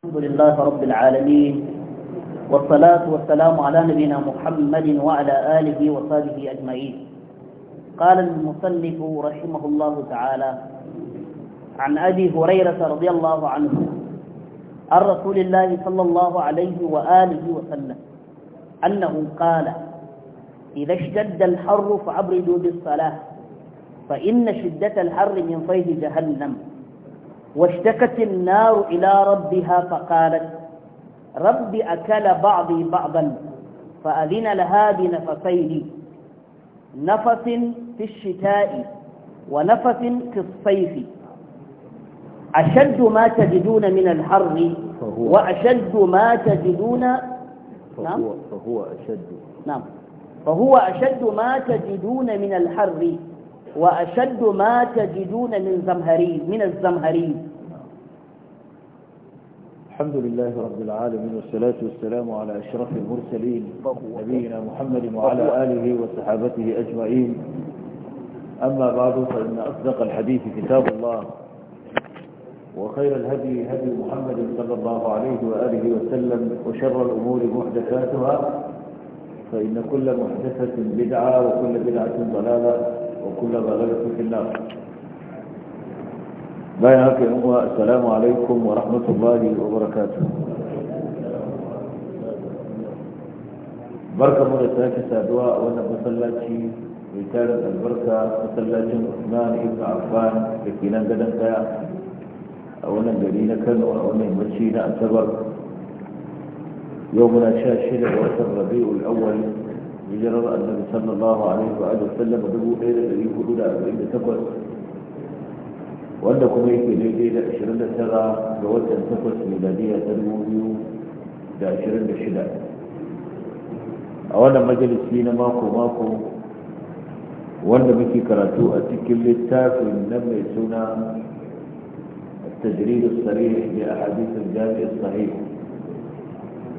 الحمد لله رب العالمين والصلاة والسلام على نبينا محمد وعلى آله وصحبه أجمعين قال المصنف رحمه الله تعالى عن أبي هريرة رضي الله عنه عن رسول الله صلى الله عليه وآله وسلم أنه قال إذا اشتد الحر فأبردوا بالصلاة فإن شدة الحر من صيد جهنم واشتكت النار إلى ربها فقالت رب أكل بعضي بعضا فأذن لها بنفسين نفس في الشتاء ونفس في الصيف أشد ما تجدون من الحر وأشد ما تجدون فهو, نعم فهو أشد نعم فهو أشد ما تجدون من الحر وأشد ما تجدون من زمهري من الزمهري الحمد لله رب العالمين والصلاة والسلام على أشرف المرسلين نبينا محمد وعلى آله وصحابته أجمعين أما بعد فإن أصدق الحديث كتاب الله وخير الهدي هدي محمد صلى الله عليه وآله وسلم وشر الأمور محدثاتها فإن كل محدثة بدعة وكل بدعة ضلالة وكل ضلالة bayan haka yin uwa assalamu alaikum wa rahmatullahi wa barakatuh barka mu da sake saduwa a wannan masallaci mai tarin albarka masallacin usman ibn affan da ke nan gadon kaya a wannan gari na kano a wannan yammaci na asabar yau muna sha shida ga watan rabi'ul awwal يجرر أن النبي صلى الله عليه وآله وسلم دبوا إلى الذي يقولوا لا أبو إلا تقوت وأنكم إيه بليدي لأشرين سرى لوجة تقوت ميلادية تنمو بيو لأشرين شداء أولا مجلس لنا ماكو ماكو وأن بكي كراتو أتكل للتاف النبي سنة التجريد الصريح لأحاديث الجامع الصحيح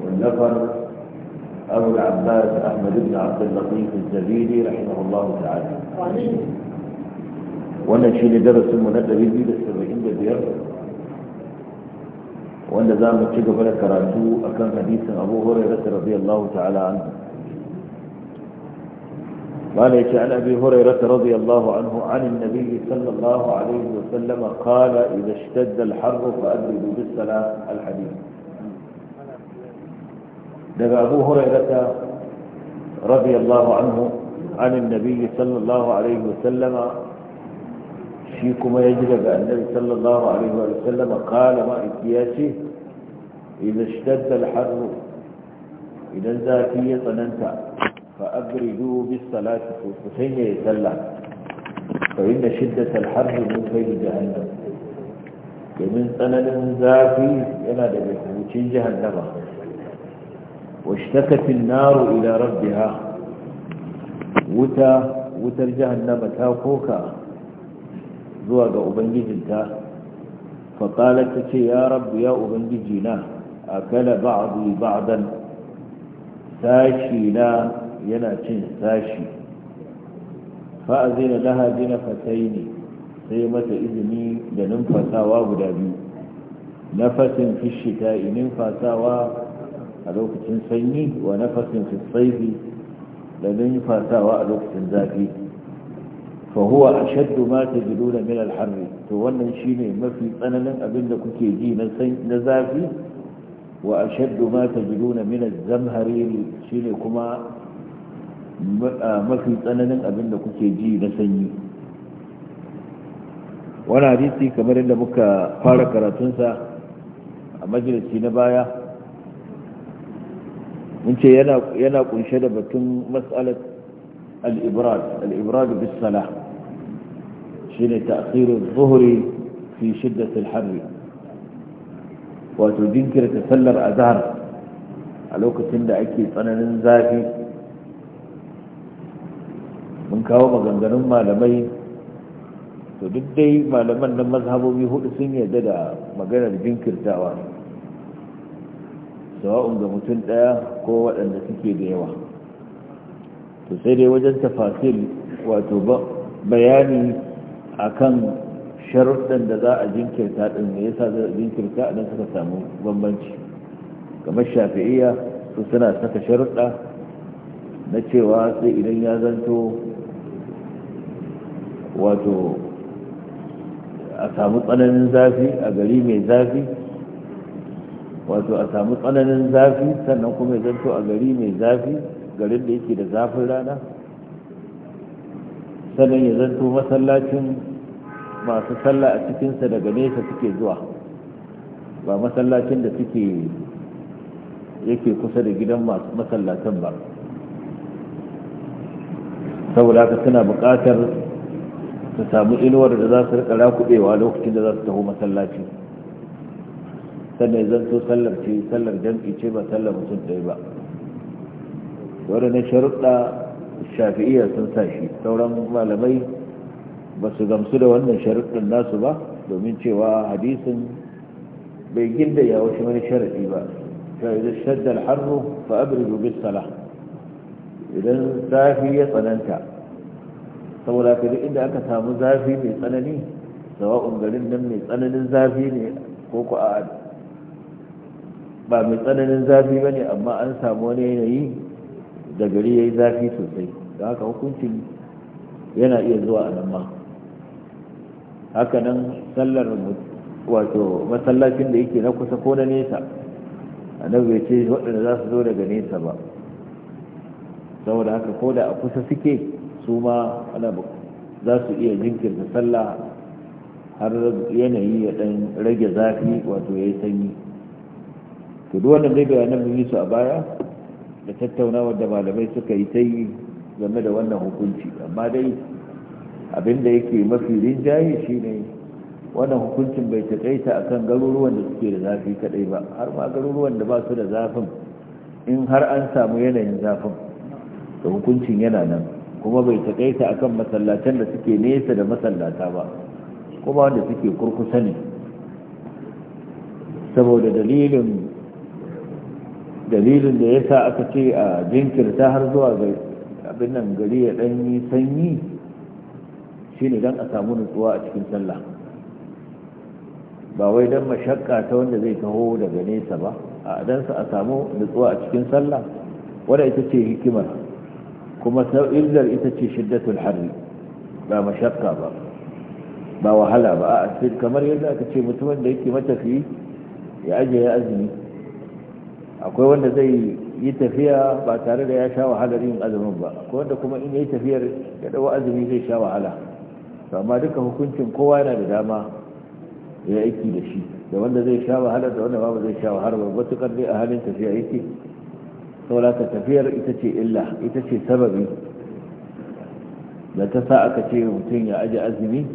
والنفر أبو العباس أحمد بن عبد اللطيف الزبيدي رحمه الله تعالى وانا wannan shi ne darasinmu na 275 wanda وأنا mu ci gaba da karatu akan أبو هريرة رضي الله تعالى عنه. قال عن أبي هريرة رضي الله عنه عن النبي صلى الله عليه وسلم قال إذا اشتد الحر فأبردوا بالسلام الحديث daga abu hurairata radiyallahu anhu anin nabiyyi sallallahu alaihi shi kuma ya ji daga annabi sallallahu alaihi wa sallama ma iki ya ce idan shidadda alharu idan zafi ya tsananta ka agridu bi salati ko ku sanya ya salla fa inda shiddat alharu mun kai da domin tsananin zafi yana daga hukuncin jahannama واشتكت النار إلى ربها وتا وتر جهنم تاقوكا زواج أبنجدتا فقالت يا رب يا أبنجدنا أكل بعضي بعضا ساشينا يناتين ساشي فأذن لها جنفتين سيمة إذني لننفسا وابدا بي نفس في الشتاء ننفسا وابدا a lokacin sanyi wa nafasin fi tsaifi da fatawa a lokacin zafi fa huwa ashaddu ma tajiduna min al-har to wannan shi ne mafi tsananin abin da kuke ji na zafi wa ashaddu ma tajiduna min az-zamhariri ne kuma mafi tsananin abin da kuke ji na sanyi wani hadisi kamar yadda muka fara karatunsa a majalisi na baya mun ce yana kunshe da batun matsalar al'ibrad al'ibrad bis shi ne ta'asirin zuhuri fi shiddatul harri wato jinkirta sallar azhar a lokacin da ake tsananin zafi mun kawo maganganun malamai to duk dai malaman nan mazhabobi hudu sun yarda da maganar jinkirtawa sawa'un ga mutum ɗaya ko waɗanda suke da yawa to sai dai wajen tafasir wato bayani akan sharuɗan da za a jinkirta ɗin me yasa za a jinkirta a suka samu bambanci kamar shafi'iyya su suna saka sharuɗa na cewa sai idan ya zanto wato a samu tsananin zafi a gari mai zafi wato a samu tsananin zafi sannan kuma ya zanto a gari mai zafi garin da yake da zafin rana sannan ya zanto masallacin masu sallah a cikinsa daga nesa suke zuwa ba masallacin da suke yake kusa da gidan masallacin ba saboda haka suna buƙatar su samu inuwar da za su rika rakuɗewa lokacin da za su taho masallaci sannan zan so sallar ce sallar jam'i ce ba sallar mutum ɗaya ba na sharuɗa shafi'iyya sun sa shi sauran malamai ba su gamsu da wannan sharuɗin nasu ba domin cewa hadisin bai gilda ya wasu wani sharaɗi ba da shaddal harro fa abridu bis sala. idan zafi ya tsananta saboda ka inda aka samu zafi mai tsanani sawa'un garin nan mai tsananin zafi ne ko ku a ba mai tsananin zafi ba ne amma an samu wani yanayi da gari ya yi zafi sosai da haka hukuncin yana iya zuwa a nan ma haka sallar wato masallacin da yake na kusa ko na nesa nan bai ce waɗanda za su zo daga nesa ba saboda haka ko da a kusa suke su ma ana za su iya jinkirta sallah har yanayi ya ɗan rage zafi wato ya yi sanyi to duk wannan dai bayanan mun yi su a baya da tattaunawar da malamai suka yi ta yi game da wannan hukunci amma dai abin da yake mafi rinjaye ne. wannan hukuncin bai taƙaita akan garuruwan da suke da zafi kaɗai ba har ma garuruwan da ba su da zafin in har an samu yanayin zafin da hukuncin yana nan kuma bai taƙaita akan masallatan da suke nesa da masallata ba kuma wanda suke kurkusa ne saboda dalilin dalilin da ya sa aka ce a jinkirta har zuwa ga abin nan gari ya dan yi sanyi shine don a samu nutsuwa a cikin sallah ba wai don mashakka ta wanda zai taho daga nesa ba a don sa a samu nutsuwa a cikin sallah wadda ita ce hikimar kuma illar ita ce shiddatul harri ba mashakka ba ba wahala ba a kamar yadda aka ce mutumin da yake matafi ya ajiye azumi akwai wanda zai yi tafiya ba tare da ya sha wahalar yin azumin ba akwai wanda kuma in yi tafiyar ya dawo azumi zai sha wahala amma duka hukuncin kowa yana da dama ya aiki da shi da wanda zai sha wahala da wanda ba zai sha wahala ba matukar dai a halin tafiya yake saboda tafiyar ita ce illa ita ce sababi da ta sa aka ce mutum ya aji azumi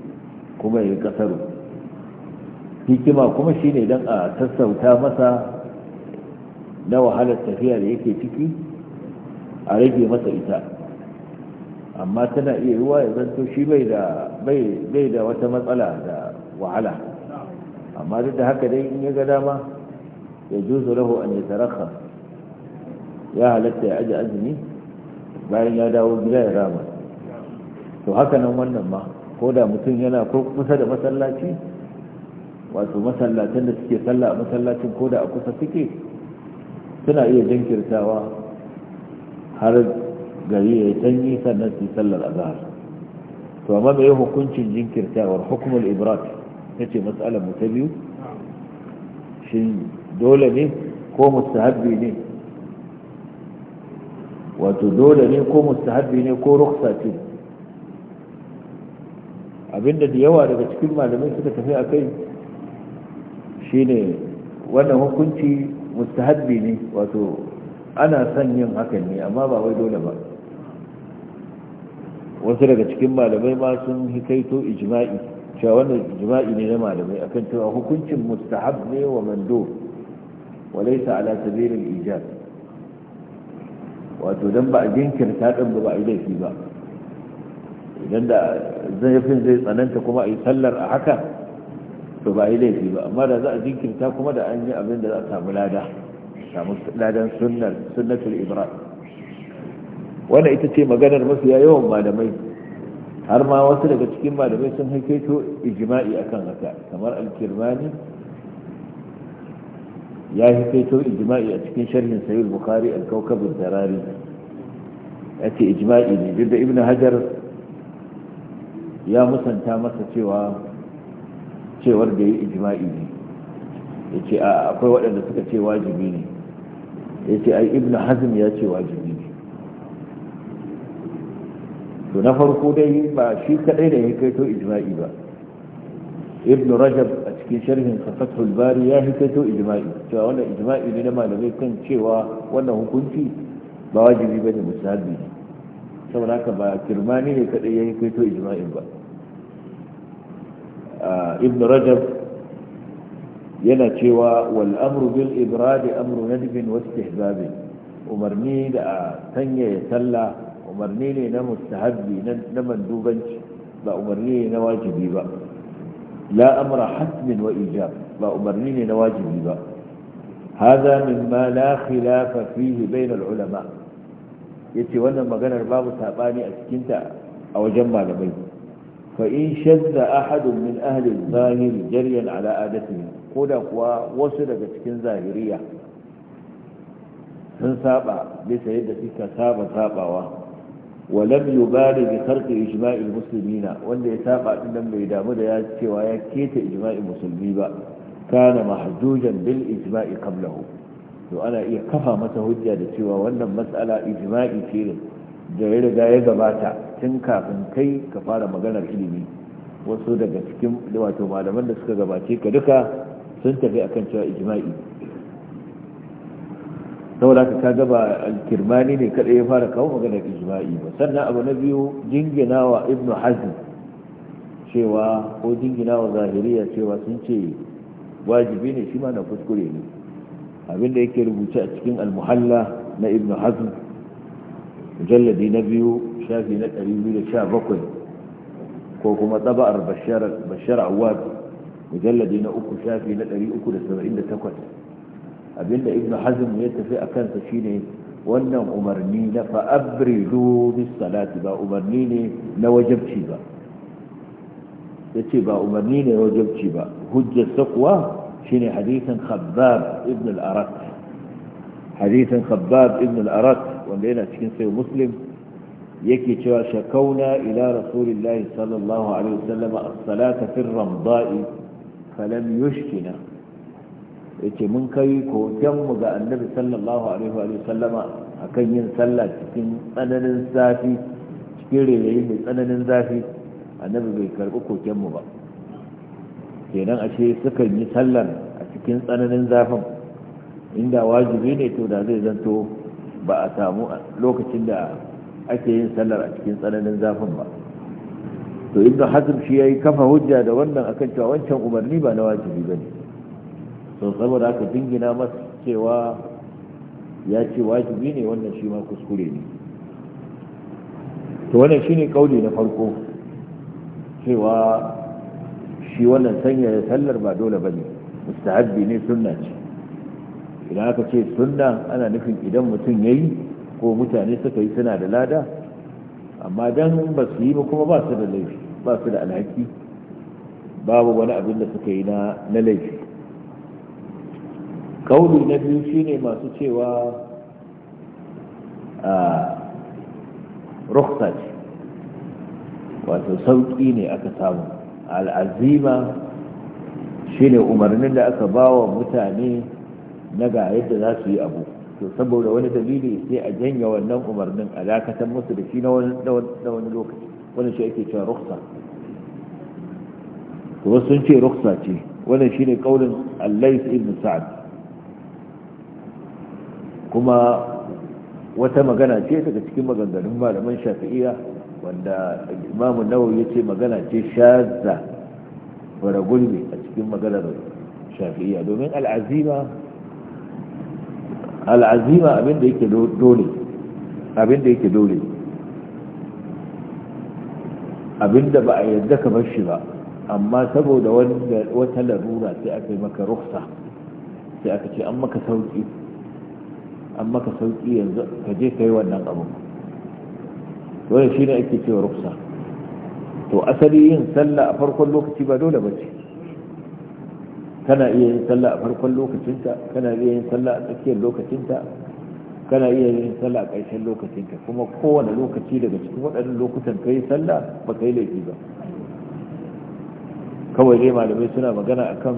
kuma ya yi kasaru hikima kuma shine dan a sassauta masa na wahalar tafiya da yake ciki a rage masa ita amma tana iya ruwa ya zanto shi bai da wata matsala da wahala amma duk da haka dai in ya ga dama ya su raho an ya taraka ya halatta ya aji azumi bayan ya dawo gida ya rama to haka nan wannan ma ko da mutum yana ko kusa da masallaci wato masallacin da suke sallah a masallacin ko da a kusa suke suna iya jinkirtawa har gari ya yi sanyi sannan su yi sallar zahar to amma mai hukuncin jinkirtawar hukumar ibrat ya ce matsalar mu ta biyu shi dole ne ko habbi ne wato dole ne ko habbi ne ko ruksa ce abinda da yawa daga cikin malamai suka tafi a kai Shi ne wannan hukunci mustahabbi ne wato ana son yin hakan ne amma ba wai dole ba wasu daga cikin malamai ma sun hikaito ijma'i cewa wannan ijma'i ne na malamai akan cewa hukuncin mustahab ne wa mando walaisa ala sabirin ijab wato dan ba a jinkirta ɗin ba a yi laifi ba idan da zafin zai tsananta kuma a yi sallar a haka to ba yi laifi ba amma da za a jinkirta kuma da an yi abin da za a samu lada samu ladan sunnar sunnatul ibrahim wannan ita ce maganar mafiya yawan malamai har ma wasu daga cikin malamai sun haifeto ijma'i akan haka kamar al-kirmani ya haifeto ijma'i a cikin sharhin sahih bukhari al-kawkab al-darari yace ijma'i ne duk da ibnu hajar ya musanta masa cewa cewar da ya ijma'i ne ya ce akwai waɗanda suka ce wajibi ne ya ce ai ibn hazm ya ce wajibi ne to na farko dai ba shi kadai da ya kai to ijma'i ba ibn rajab a cikin sharhin fathul bari ya yi kai to ijma'i cewa wannan ijma'i ne na malamai kan cewa wannan hukunci ba wajibi bane musabi ne saboda haka ba kirmani ne kadai ya yi kai to ijma'in ba ibn rajab yana cewa wal amru bil ibradi amru nadbin wa istihzabin umarni da a sanya sallah umarni ne na mustahabbi na mandubanci ba umarni ne na wajibi ba la amra hasmin wa ijab ba umarni ne na wajibi ba min ma مما khilafa خلاف فيه بين العلماء yace wannan maganar babu sabani a cikinta a wajen malamai فإن ahadun min من zahiri jaryan جريا ko da kuwa wasu daga cikin zahiriya sun saba bisa yadda suka saba sabawa ولم يبالي بخرق إجماع Musulmina, wanda ya saba din nan bai damu da ya cewa ya keta ijma'in musulmi ba kana mahjujan bil ijma'i qablahu to ana iya kafa masa hujja da cewa wannan mas'ala ijma'i ce da ya riga ya gabata tun kafin kai ka fara maganar ilimi wasu daga cikin wato malaman da suka gabace ka duka sun tafi akan cewa ijma'i saboda ka kaga ba alkirmani ne kada ya fara kawo maganar ijma'i ba sannan abu na biyu jinginawa ibnu hazm cewa ko jinginawa zahiriya cewa sun ce wajibi ne shi ma na kuskure ne abinda yake rubuce a cikin almuhalla na ibnu hazm mujalladi na biyu shafi na 217 ko kuma taba'ar bashar awad mujalladi na uku shafi na 378 abinda ibn hazm ya tafi a kansa shine wannan umarni na fa'abridu bis salati ba umarni ne na wajabci ba yace ba umarni ne na wajabci ba hujjar sakwa shine hadithan khabbab ibn al-arat hadithan khabbab ibn al-arat wanda yana cikin sai muslim yake cewa shakauna ila rasulillahi sallallahu alaihi wasallam as-salata fi ramda'i falam yushkina yace mun kai ko dan mu ga annabi sallallahu alaihi wasallama akan yin sallah cikin tsananin zafi cikin rayayi mai tsananin zafi annabi bai karbi koken mu ba kenan ashe sukan yi sallar a cikin tsananin zafin inda wajibi ne to da zai zanto ba a samu lokacin da ake yin sallar a cikin tsananin zafin ba to ibnu hazm shi yi kafa hujja da wannan akan cewa wancan umarni ba na wajibi ne to saboda aka dingina masa cewa ya ce wajibi ne wannan shi ma kuskure ne to wannan shine kauli na farko cewa shi wannan sanya sallar ba dole ne mustahabbi ne sunna ce idan aka ce sunna ana nufin idan mutum yayi ko mutane suka yi suna da lada amma dan ba su yi ba kuma ba su da laifi ba su da alhaki babu wani abin da suka yi na laifi kauli na biyu shine masu cewa a ce wato sauƙi ne aka samu al'azima shine umarnin da aka ba wa mutane na ga yadda za su yi abu to saboda wani dalili sai a janya wannan umarnin a dakatar musu da shi na wani lokaci wani shi ake cewa ruksa to wasu sun ce ruksa ce wannan shine kaulin allais ibn sa'ad kuma wata magana ce daga cikin maganganun malaman shafi'iyya wanda imamu nawawi ya ce magana ce shazza bara gulbi a cikin maganar shafi'iyya domin al'azima al'azima abin da yake dole abin da ba a yadda ka bashi ba amma saboda wata larura sai aka yi maka ruksa sai aka ce an maka sauki an maka sauki yanzu ka je ka yi wannan abin wani shi ne ake cewa ruksa to asali yin sallah a farkon lokaci ba dole ba ce kana iya yin sallah a farkon lokacinta kana iya yin sallah a tsakiyar lokacinta kana iya yin sallah a ƙarshen lokacinta kuma kowane lokaci daga cikin waɗannan lokutan ka yi sallah ba ka yi laifi ba kawai dai malamai suna magana akan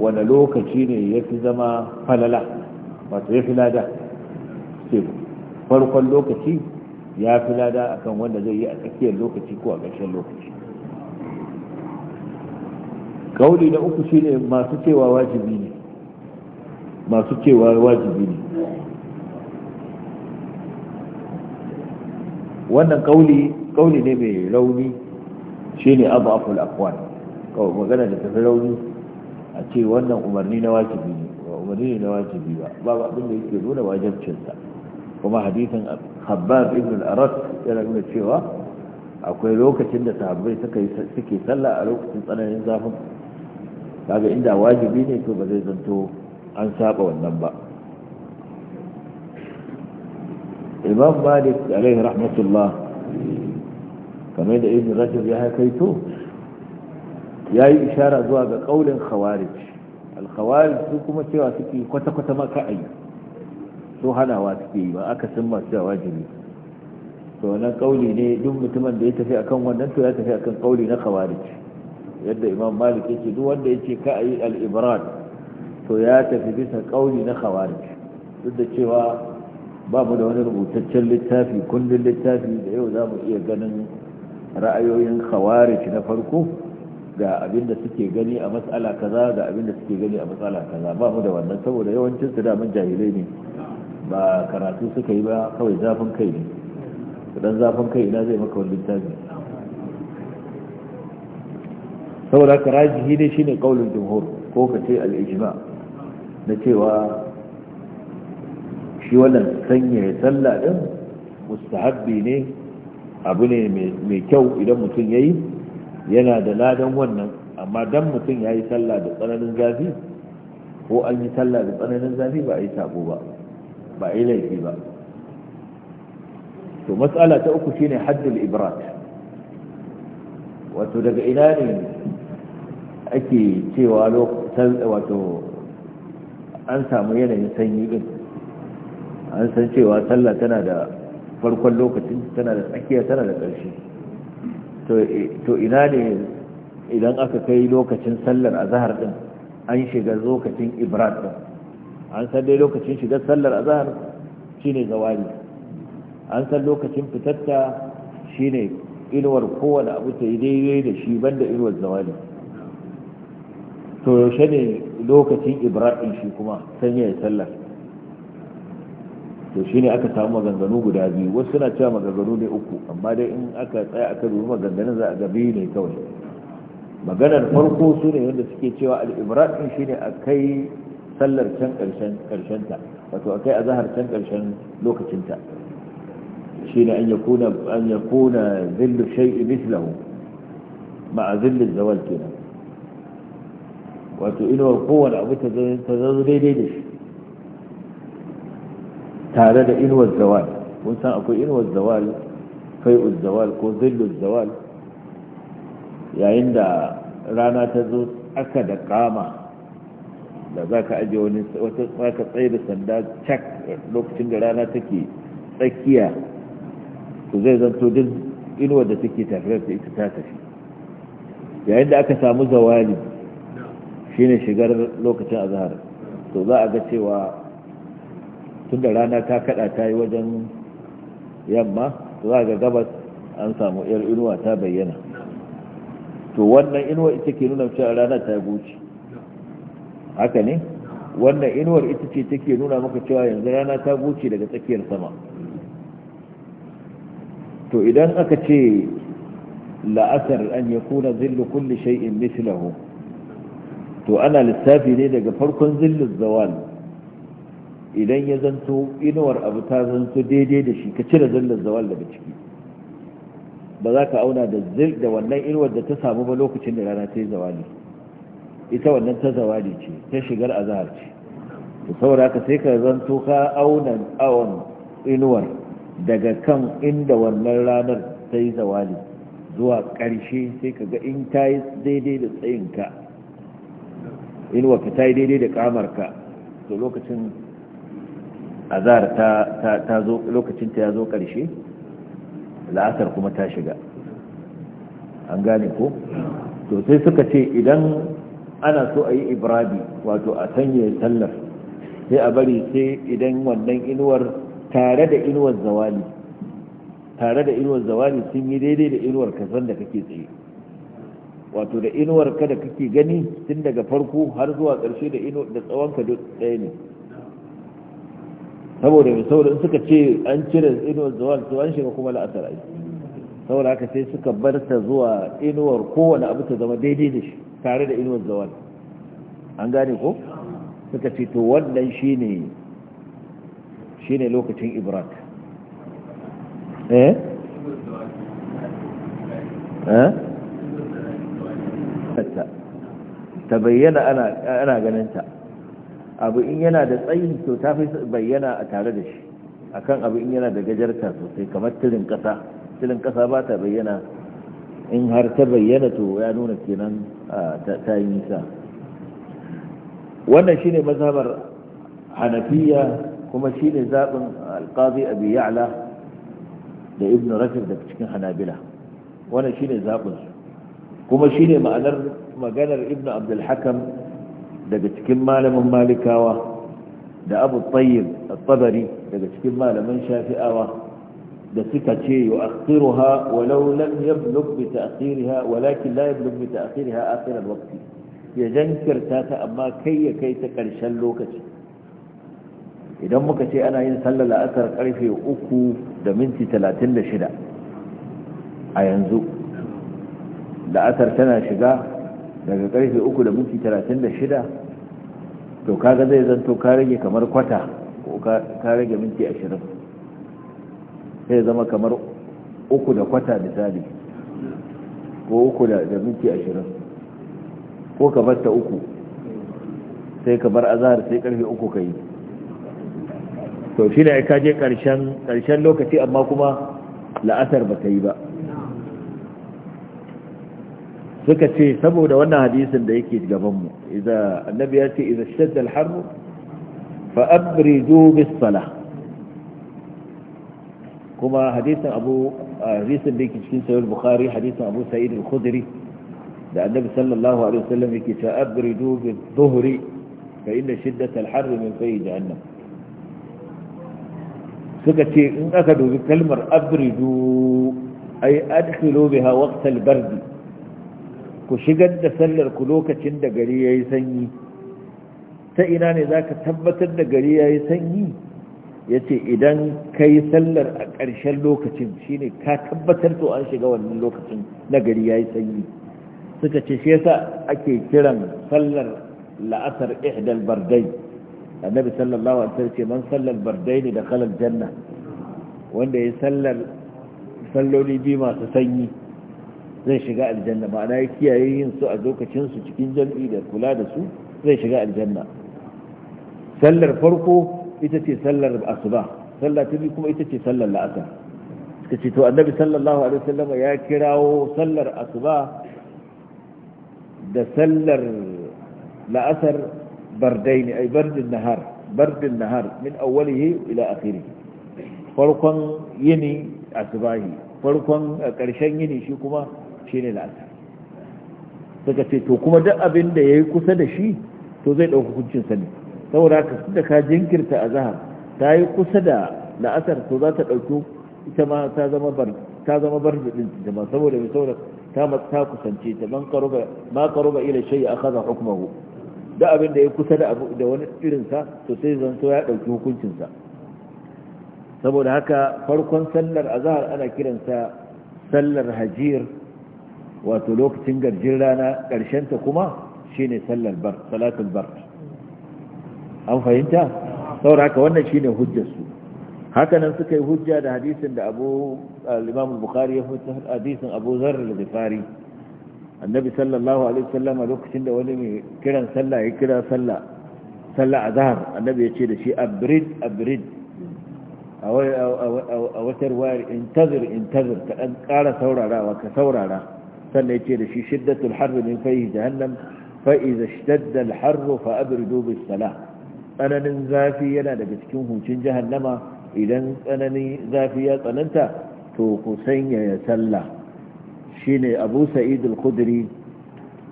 wane lokaci ne ya fi zama falala wato ya fi lada ce farkon lokaci ya fi lada akan wanda zai yi a tsakiyar lokaci ko a ƙarshen lokaci kauli na uku shine masu cewa wajibi ne masu cewa wajibi ne wannan kauli kauli ne mai rauni shine abu aful aqwal kawai magana da tafi rauni a ce wannan umarni na wajibi ne ba umarni ne na wajibi ba babu abin da yake nuna wajibcinsa kuma hadisin habab ibn al-arat yana nuna cewa akwai lokacin da sahabbai suka yi suke sallah a lokacin tsananin zafin kaga inda wajibi ne to ba zai zanto an saba wannan ba imam malik alaihi rahmatullah kamar da ibn rajab ya kaito ya yi ishara zuwa ga kaulin khawarij al-khawarij su kuma cewa suke kwata-kwata maka ayi so hanawa suke yi ba aka san masu cewa wajibi to wannan kauli ne duk mutumin da ya tafi akan wannan to ya tafi akan kauli na khawarij yadda imam malik yake duk wanda yake ka a yi alibrat to ya tafi bisa kauli na khawarij duk da cewa ba mu da wani rubutaccen littafi kundin littafi da yau za mu iya ganin ra'ayoyin khawarij na farko ga abin da suke gani a matsala kaza ga abin da suke gani a matsala kaza ba mu da wannan saboda yawancin su da mun jahilai ne ba karatu suka yi ba kawai zafin kai ne dan zafin kai ina zai maka wani littafi saboda ka rajihi ne shine kaulin jumhur ko ka ce al-ijma na cewa shi wannan sanya sallah din mustahabbi ne abu ne mai kyau idan mutum yayi yana da ladan wannan amma dan mutum yayi sallah da tsananin zafi ko an yi sallah da tsananin zafi ba a yi sabo ba ba a yi laifi ba to matsala ta uku shine haddul ibrat wato daga ina ne ake cewa lokacin wato an samu yanayin sanyi din an san cewa sallah tana da farkon lokacin tana da tsakiya tana da ƙarshe e, to ina ne idan aka kai lokacin sallar azahar din an shiga lokacin ibrat din an san dai lokacin shigar sallar azahar shine zawali an san lokacin shi shine inuwar kowane abu ta yi daidai da shi banda inuwar zawali to yaushe ne lokacin ibrahim shi kuma sanya ya sallar to shi ne aka samu maganganu guda biyu wasu suna cewa maganganu ne uku amma dai in aka tsaya aka dubi maganganun za a ga biyu ne kawai maganar farko su ne wanda suke cewa al'ibrahim shi ne a kai sallar can ta wato a kai azahar zahar can ƙarshen ta. shi ne an yakuna zillu shai'i mislahu ma'a zillin zawal kenan wato inuwar kowane abu ta zazu daidai da shi tare da inuwar zawal kun san akwai inuwar zawal kai zawal ko zillul zawal yayin da rana ta zo aka da kama da za ka ajiye wani wata tsaka tsaye da sanda cak lokacin da rana take tsakiya to zai zanto duk inuwar da take tafiyar ta ita ta tafi yayin da aka samu zawali ne shigar lokacin azahar, to za a ga cewa tunda rana ta kada ta yi wajen yamma za a ga gabas an samu yar inuwa ta bayyana to wannan inuwar ita ke nuna cewa rana ta goce haka ne wannan inuwar ita ce take nuna maka cewa yanzu rana ta goce daga tsakiyar sama to idan aka ce la'asar an yakuna zillu kulli shay'in mislahu to ana lissafi ne daga farkon zillin zawal idan ya zanto inuwar abu ta zanto daidai da shi ka cire zillin zawal daga ciki ba za ka auna da zil da wannan inuwar da ta samu ba lokacin da rana ta yi zawali ita wannan ta zawali ce ta shigar azahar ce to saboda ka sai ka zanto ka auna awon inuwar daga kan inda wannan ranar ta yi zawali zuwa ƙarshe sai ka ga in ta yi daidai da tsayinka inuwa ka ta yi daidai da kamarka to lokacin azar ta ta zo lokacin ta ya zo karshe la'asar kuma ta shiga an gane ko to sai suka ce idan ana so a yi ibradi wato a sanya sallar sai a bari sai idan wannan inuwar tare da inuwar zawali tare da inuwar zawali sun yi daidai da inuwar kasar da kake tsaye wato da inuwar ka da kake gani tun daga farko har zuwa ƙarshe da ino da tsawon ka duk ɗaya ne saboda mai saboda in suka ce an cire inuwar zuwa su an shiga kuma la'asar ai saboda haka sai suka bar ta zuwa inuwar kowane abu ta zama daidai da shi tare da inuwar zuwa an gane ko suka ce to wannan shine shine lokacin ibrak eh eh fuskarta ta bayyana ana ganinta abu in yana da tsayi to ta fi bayyana a tare da shi akan abu in yana da gajarta sosai kamar tilin kasa tilin kasa ba ta bayyana in har ta bayyana to ya nuna kenan ta yi nisa wannan shine mazhabar hanafiya kuma shine zaɓin alƙazi abu ya'la da ibn rashid da cikin hanabila wannan shine zaɓinsu kuma shine ma'anar maganar ibnu abdul hakam daga cikin malamin malikawa da abu tayyib at daga cikin malamin shafi'awa da suka ce yu'akhiruha walau lam yablugh bi ta'khiriha walakin la yablugh bi ta'khiriha ya jankirta ta amma kai ya kai ta karshen lokaci idan muka ce ana yin sallar la'asar karfe uku da minti shida a yanzu da asar tana shiga daga karfe uku da muki talatin da shida to kaga zai zanto ka rage kamar kwata ko ka rage minti ashirin sai zama kamar uku da kwata misali ko uku da minti ashirin ko ka bar ta uku sai ka bar azahar sai karfe uku ka yi to shi ne ka je karshen lokaci amma kuma la'asar ba ta yi ba suka ce saboda wannan hadisin da yake gabanmu idan annabi ya ce idan shadda al-harru fa abridu bis-salah kuma hadisin abu hadisin da yake cikin sahih bukhari hadisin abu sa'id al-khudri da annabi sallallahu alaihi wasallam yake cewa abridu bidh-dhuhri fa inna shiddata al-harr min fi jahannam suka ce in aka dubi kalmar abridu ay adkhilu biha waqt al-bardi ku shigar da sallar ku lokacin da gari ya yi sanyi ta ina ne za ka tabbatar da gari ya yi sanyi ya ce idan ka yi sallar a ƙarshen lokacin shi ne ka tabbatar to an shiga wannan lokacin na gari ya yi sanyi suka ce shi yasa ake kiran sallar la'asar ihdal bardai annabi sallallahu alaihi wasallam ce man sallar bardai ne da kalar janna wanda ya sallar salloli biyu masu sanyi zai shiga aljanna ma'ana ya kiyaye yin su a lokacin su cikin jam'i da kula da su zai shiga aljanna sallar farko ita ce sallar asuba sallar ta kuma ita ce sallar la'asar suka ce to annabi sallallahu alaihi wasallam ya kirawo sallar asuba da sallar la'asar bardaini ay bardin nahar bardin nahar min awwalihi ila akhirih farkon yini asubahi farkon karshen eh, yini shi kuma ne la'asar suka ce to kuma duk abin da yi kusa da shi to zai dauka hukuncin sa ne saboda haka da ka jinkirta azhar ta yi kusa da la'asar to za ta dauko ita ma ta zama bar ta zama bar jama'a saboda mai saboda ta ta kusance ta man qaruba ma qaruba ila shay akhadha hukmuhu da abin da ya kusa da abu da wani irin sa to sai zan so ya ɗauki hukuncin sa saboda haka farkon sallar azhar ana kiransa sallar hajir wato lokacin garjin rana ta kuma shine sallar bar salatul bar an fahimta sauraka wannan shine hujjarsu hakanan suka yi hujja da hadisin da abu al-imam bukhari ya fita hadisin abu zar al-ghifari annabi sallallahu alaihi wasallam lokacin da wani mai kiran sallah ya kira sallah sallah azhar annabi ya ce da shi abrid abrid a wata ruwayar intazir intazir ka dan ƙara saurarawa ka saurara sannan yace da shi shiddatul harr min fayhi jahannam fa idza ishtadda al fa abridu bis salah tsananin zafi yana daga cikin hucin jahannama idan tsananin zafi ya tsananta to ku sanya ya sallah shine abu sa'id al-khudri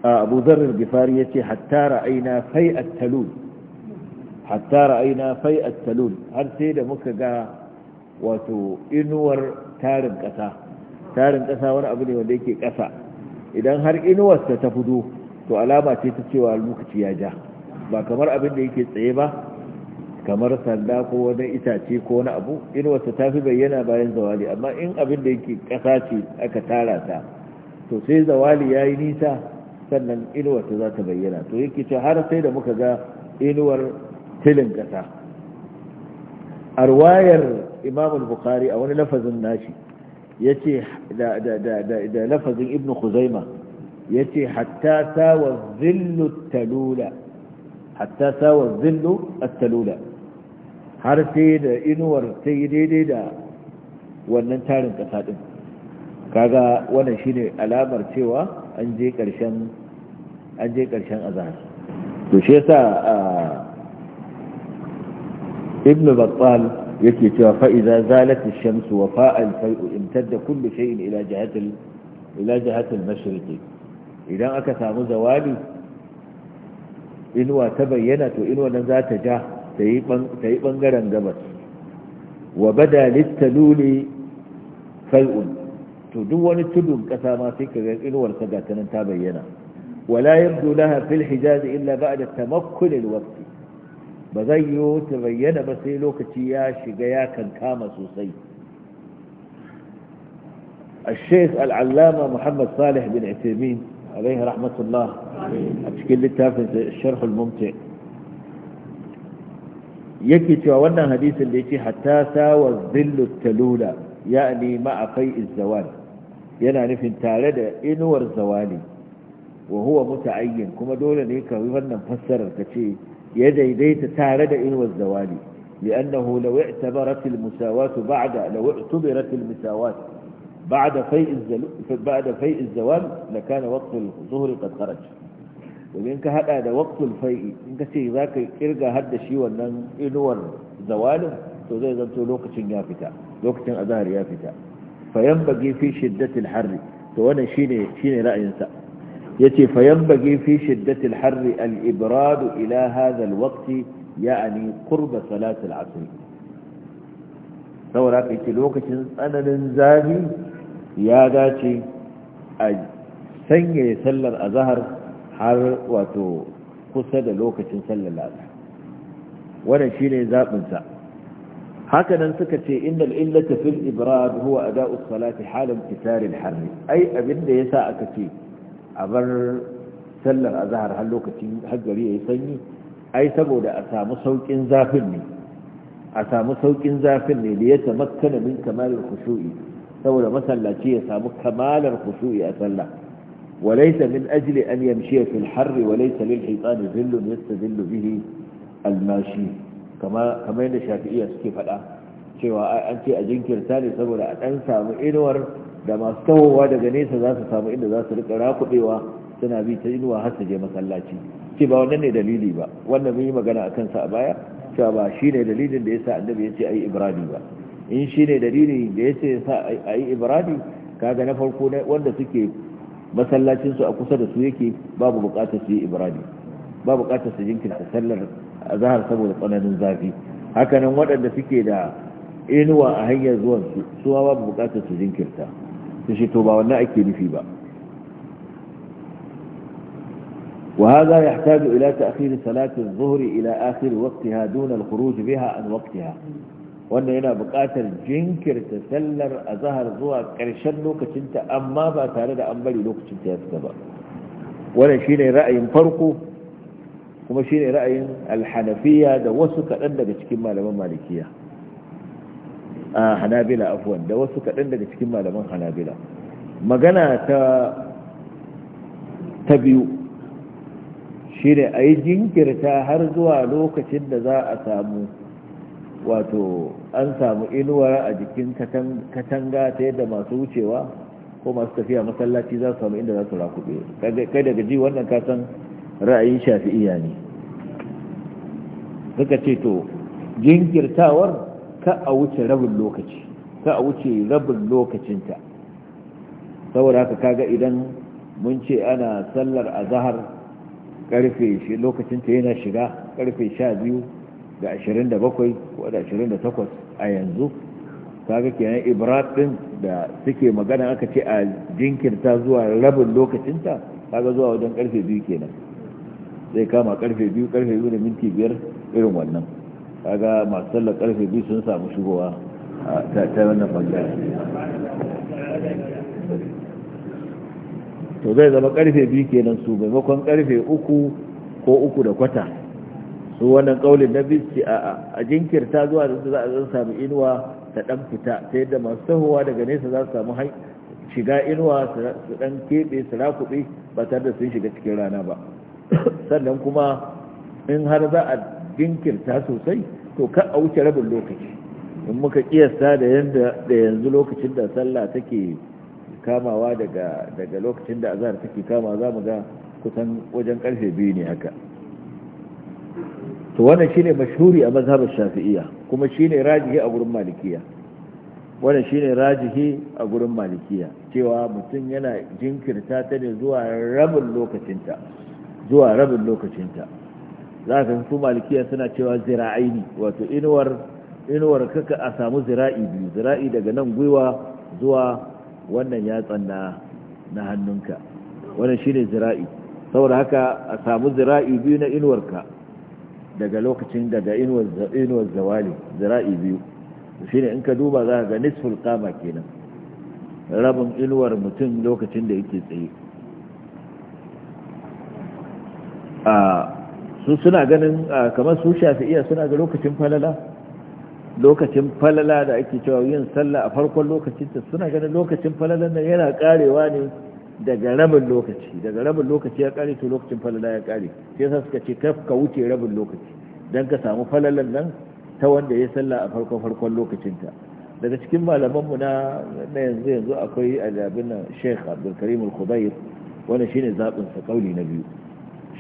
abu dharr al-ghifari yace hatta ra'ayna fai at-talul hatta ra'ayna fai at-talul har sai da muka ga wato inuwar tarin kasa tarin kasa wani abu ne wanda yake kasa idan har inuwarsa ta fudo to alama ce ta cewa lokaci ya ja ba kamar abin da yake tsaye ba kamar sanda ko wani itace ko wani abu inuwarsa ta fi bayyana bayan zawali amma in abin da yake ƙasa ce aka tara ta to sai zawali ya yi nisa sannan inuwarsa za ta bayyana to yake ce har sai da muka ga inuwar tilin ƙasa a ruwayar imamul bukhari a wani lafazin nashi yace da da lafazin ibnu khuzaima yace hatta sawa zillu talula hatta sawa zillu talula har sai da inuwar yi daidai da wannan tarin kasa din kaga wannan shine alamar cewa an je karshen an je karshen azhar to shi yasa ah, ibnu battal yake cewa fa'iza zalatin shamsu wa fa'al fai'u da kullu shay'in ila jihatil ila idan aka samu zawali inuwa ta bayyana to inuwa nan za ta ja ta yi bangaren gabas wa bada littaluli fai'un to duk wani tudun ƙasa ma sai ka ga inuwar ta nan ta bayyana wala yabdu laha fil hijaz illa ba'da tamakkul wakti. ba zai yi ta bayyana ba sai lokaci ya shiga ya kankama sosai الشيخ العلامة محمد صالح بن عثيمين عليه رحمة الله أشكل التافز الشرح الممتع yake cewa wannan hadisin da yake hatta sawa zillu talula ya ya'ni ma'a fai'iz zawal yana nufin tare da inuwar zawali wa huwa muta'ayyin kuma dole ne ka wannan fassarar ka ce ya daidaita tare da inuwar zawali لأنه لو اعتبرت المساواة بعد لو اعتبرت المساواة بعد فيء الزل بعد فيء الزوال لكان وقت الظهر قد خرج domin ka hada da waqtul fai'i in ka zaka za ka kirga har shi wannan inuwar zawalin to zai zato lokacin azahar ya fita fayan ba fi shiddatil to wannan shine ra'ayinsa يتي فينبغي في شدة الحر الإبراد إلى هذا الوقت يعني قرب صلاة العصر ثورة اتلوكة أنا ننزاني يا ذاتي أي سنة يسلل الأظهر حر وتو قصد لوكة سلل الأظهر وانا شيني ذات من ذات حكا ننسكة إن الإلة في الإبراد هو أداء الصلاة حال امتثار الحر أي أبن يساء كثير. a bar sallar azahar har lokacin haggari ya yi sanyi ai saboda a samu saukin zafin ne a samu saukin zafin ne da ya tamakkana min kamalar khushu'i saboda masallaci ya samu kamalar khushu'i a sallah وليس من أجل أن يمشي في الحر وليس للحيطان ذل يستذل به الماشي كما كما يقول الشافعية سكيف الآن cewa an ce a jinkirta ne saboda a ɗan samu inuwar da masu tawowa daga nesa za su samu inda za su rika rakuɗewa suna bi ta inuwa har su je masallaci ce ba wannan ne dalili ba wannan mun yi magana akan sa a baya cewa ba shine dalilin da yasa annabi ya ce yi ibradi ba in shi ne dalili da yasa yasa ayi ibradi kaga na farko wanda suke masallacin su a kusa da su yake babu bukatar su yi ibradi babu bukatar su jinkirta sallar azhar saboda tsananin zafi hakanan waɗanda suke da inuwa a hanyar zuwan su suwa babu bukatar su jinkirta ta ce to ba wannan ake nufi ba وهذا يحتاج إلى تأخير صلاة الظهر إلى آخر وقتها دون الخروج بها عن وقتها وأن هنا بقاتل جنكر تسلر أظهر ظهر كرشن لوكتنت أما بأتارد أنبلي لوكتنت يتبع ولا شيني رأي فرقه وما شيني رأي الحنفية دوسك أنك تكما لما مالكيه a hanabila afuwan da wasu kaɗan daga cikin malaman hanabila magana ta ta biyu shine ne a yi jinkirta har zuwa lokacin da za a samu wato an samu inuwa a jikin katanga ta yadda masu wucewa ko masu tafiya masallaci za su samu inda za su rakube kai daga ji wannan kasan ra'ayin shafi'iya ne suka ce to jinkirtawar ka a wuce rabin lokaci ka a wuce rabin lokacinta saboda haka kaga idan mun ce ana sallar azahar karfe shi lokacinta yana shiga karfe sha biyu da ashirin da bakwai ko da ashirin da takwas a yanzu kaga kenan ibrat din da suke magana aka ce a jinkirta zuwa rabin lokacinta kaga zuwa wajen karfe biyu kenan zai kama karfe biyu karfe 2 da minti biyar irin wannan kaga masu sallar karfe biyu sun samu shigowa ta ta wannan bangare to zai zama karfe biyu kenan su maimakon karfe uku ko uku da kwata su wannan kaulin na biski a jinkirta zuwa da za a zan samu inuwa ta dan fita ta yadda masu tahowa daga nesa za su samu shiga inuwa su dan keɓe su rakuɓe ba tare da sun shiga cikin rana ba sannan kuma in har za a jinkirta sosai to ka a wuce rabin lokaci in muka kiyasta da yanda da yanzu lokacin da sallah take kamawa daga daga lokacin da azhar take kama za mu ga kusan wajen karfe biyu ne haka to wannan shine mashhuri a mazhabin shafi'iyya kuma shine rajihi a gurin malikiya wannan shine rajihi a gurin malikiya cewa mutum yana jinkirta ta ne zuwa rabin lokacinta zuwa rabin lokacinta za ka su malikiya suna cewa zira'i ne wato inuwar inuwar kaka a samu zira'i biyu zira'i daga nan gwiwa zuwa wannan ya tsanna na hannunka wannan shine zira'i saboda haka a samu zira'i biyu na inuwarka daga lokacin daga inuwar inuwar zawali zira'i biyu shine in ka duba za ka ga nisful qama kenan rabin inuwar mutum lokacin da yake tsaye a su suna ganin kamar su shafi'iya suna ga lokacin falala lokacin falala da ake cewa yin sallah a farkon lokacinta suna ganin lokacin falalan nan yana karewa ne daga rabin lokaci daga rabin lokaci ya kare to lokacin falala ya kare sai sa suka ce kaf ka wuce rabin lokaci dan ka samu falalan nan ta wanda ya sallah a farkon farkon lokacinta daga cikin malamanmu na na yanzu yanzu akwai alabin Sheikh Abdul Karim al khudayr wannan shine zabin sa kauli na biyu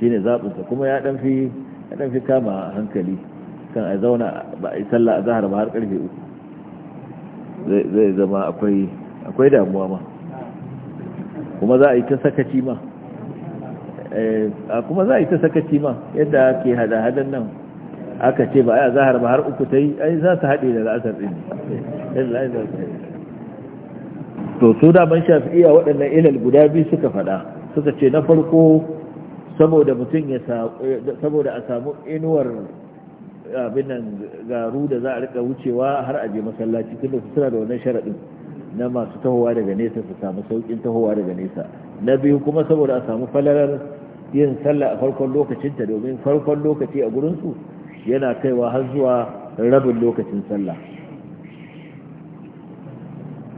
shine zabin ka kuma ya dan fi ya dan fi kama hankali kan a zauna ba a yi sallah a zahar ba har karfe uku zai zama akwai akwai damuwa ma kuma za a yi ta sakaci ma eh, kuma za a yi ta sakaci ma yadda ke hada-hadan nan aka ce ba a zahar ba har uku ta yi ai za ta haɗe da la'asar ɗin to su da daman iya waɗannan ilal guda biyu suka faɗa suka ce na farko saboda mutum ya saboda a samu inuwar abin nan garu da za a rika wucewa har a je masallaci tunda su suna da wannan sharaɗin na masu tahowa daga nesa su samu sauƙin tahowa daga nesa na biyu kuma saboda a samu falalar yin sallah a farkon lokacinta domin farkon lokaci a gurinsu yana kaiwa har zuwa rabin lokacin sallah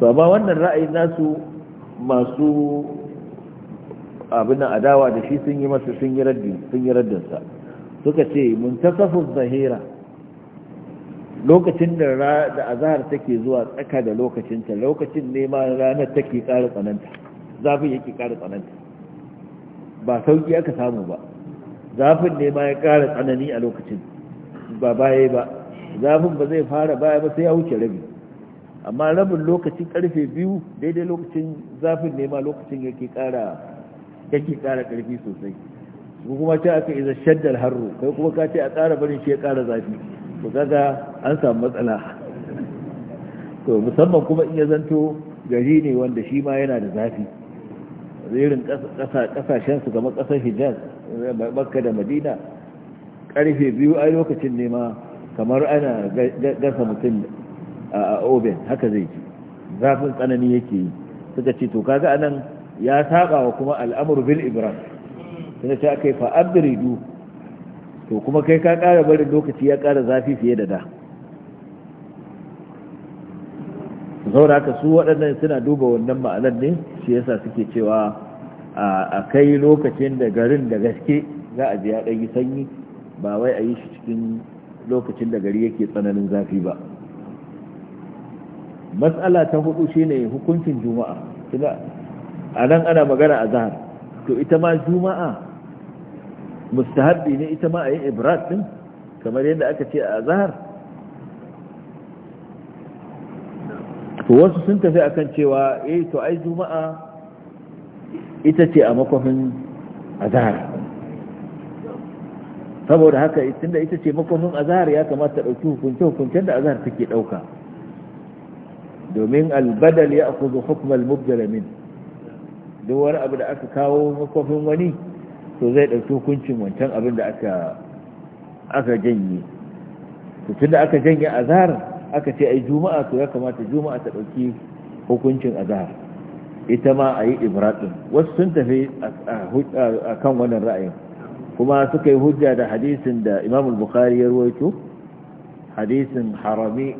to amma wannan ra'ayin nasu masu abin adawa da shi sun yi masa sun yi raddin sun yi raddinsa suka ce muntasafuz zahira lokacin da da azhar take zuwa tsaka da lokacin ta lokacin ne ma ranar take ƙara tsananta zafin yake ƙara tsananta ba sauki aka samu ba zafin ne ma ya ƙara tsanani a lokacin ba baya ba zafin ba zai fara baya ba sai ya wuce rabi amma rabin lokacin karfe biyu daidai lokacin zafin ne ma lokacin yake ƙara yake ƙara ƙarfi sosai ko kuma ce aka iza shaddal harro kai kuma ka ce a ƙara barin shi ya ƙara zafi to kaga an samu matsala to musamman kuma in ya zanto gari ne wanda shi ma yana da zafi irin ƙasashen su kamar ƙasar hijaz makka da madina karfe biyu a lokacin nema kamar ana gasa mutum a Oben haka zai ci zafin tsanani yake yi suka ce to kaga anan ya saba wa kuma al'amur bil ibram sai ta kai fa abridu to kuma kai ka ƙara bari lokaci ya ƙara zafi fiye da da zaura ka su waɗannan suna duba wannan ma'anar ne shi yasa suke cewa a kai lokacin da garin da gaske za a biya yi sanyi ba wai a yi shi cikin lokacin da gari yake tsananin zafi ba matsala ta hudu shine hukuncin juma'a a nan ana magana a zahar to ita ma juma'a mustahabbi ne ita ma a yi ibrat din kamar yadda aka ce a zahar to wasu sun tafi akan cewa eh to ai juma'a ita ce a makwafin azhar saboda haka tunda ita ce makwafin azhar ya kamata ɗauki hukunce-hukuncen da azhar take ɗauka domin albadal ya akuzu hukumar mubdala min duk wani abu da aka kawo makwafin wani to zai ɗauki hukuncin wancan abin da aka janye to da aka janye azhar aka ce yi juma'a to ya kamata juma'a ta ɗauki hukuncin azahar ita ma a yi ibradin wasu sun tafi a kan wannan ra'ayin kuma suka yi hujja da hadisin da imam bukhari ya ruwaito hadisin harami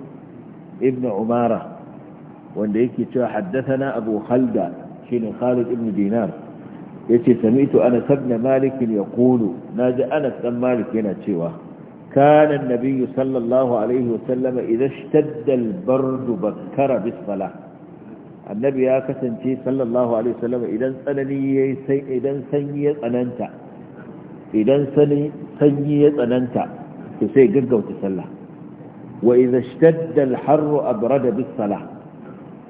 ibn umara wanda yake cewa na abu halda shine Khalid ibn Dinar yace sami'tu Anas ibn Malik yaqulu naji Anas dan Malik yana cewa kana an-nabiy sallallahu alaihi wa sallam idha ishtadda al-bard bakkara bis salah annabi ya kasance sallallahu alaihi wa sallam idan tsanani yayi sai idan sanyi ya tsananta idan sanyi ya tsananta sai gaggauta sallah wa idha ishtadda al-harru abrada bis salah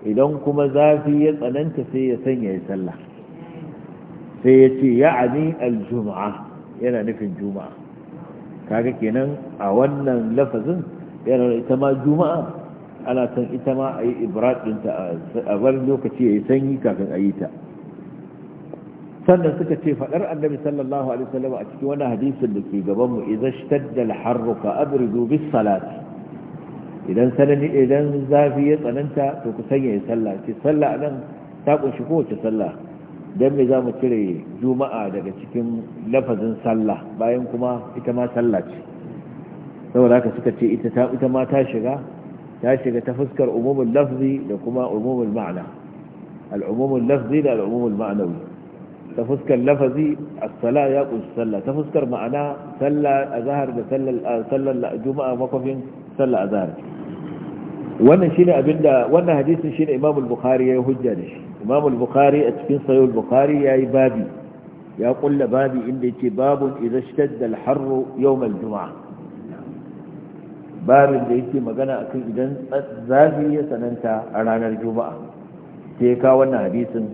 idan kuma zafi ya tsananta sai ya sanya ya sallah sai ya ce ya'ani aljuma'a yana nufin juma'a kaga kenan a wannan lafazin yana ita ma juma'a ana son ita ma a yi ibradinta a bar lokaci ya yi sanyi kafin a yi ta sannan suka ce faɗar annabi sallallahu alaihi wasallam a cikin wani hadisin da ke gaban idza ishtadda al-harru fa abridu bis salati idan sanani idan zafi ya tsananta to ku sanya ya sallah ce sallah nan ta kunshi kowace sallah don me za mu cire juma'a daga cikin lafazin sallah bayan kuma ita ma sallah ce saboda haka suka ce ita ma ta shiga ta shiga ta fuskar umumul lafzi da kuma umumul ma'ana al'umumul lafzi da al'umumul ma'anawi ta fuskar lafazi as-sala ya kunshi sallah ta fuskar ma'ana sallah azhar da sallar juma'a makwafin sallah azhar wannan shine abinda wannan hadisin shine Imam al-Bukhari yi hujja da shi Imam al-Bukhari a cikin sayo, al-Bukhari yayi babi ya kulla babi inda yake babun idza ishtadda al-harr yawm al-jum'a babin da yake magana akan idan zafi ya sananta a ranar juma'a sai ka wannan hadisin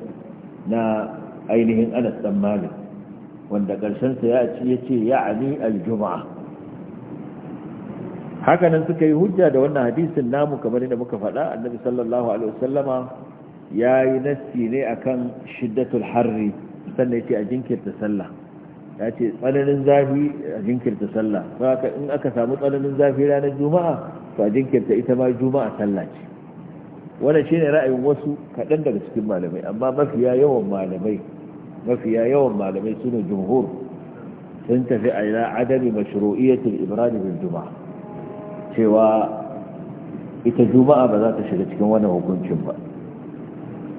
na ainihin Anas dan Malik wanda karshen sa ya ce yace ali al-jum'a hakanan suka yi hujja da wannan hadisin namu kamar yadda muka faɗa annabi sallallahu alaihi wasallama yayi nassi ne akan shiddatul harri sannan yace a jinkirta sallah yace tsananin zafi a jinkirta sallah haka in aka samu tsananin zafi ranar juma'a to a jinkirta ita ma juma'a sallah ce wannan shine ra'ayin wasu kaɗan daga cikin malamai amma mafiya yawan malamai mafiya yawan malamai sune jumhur sun tafi a ila adami mashru'iyatul ibrahim bil juma'a cewa ita juma'a ba za ta shiga cikin wannan hukuncin ba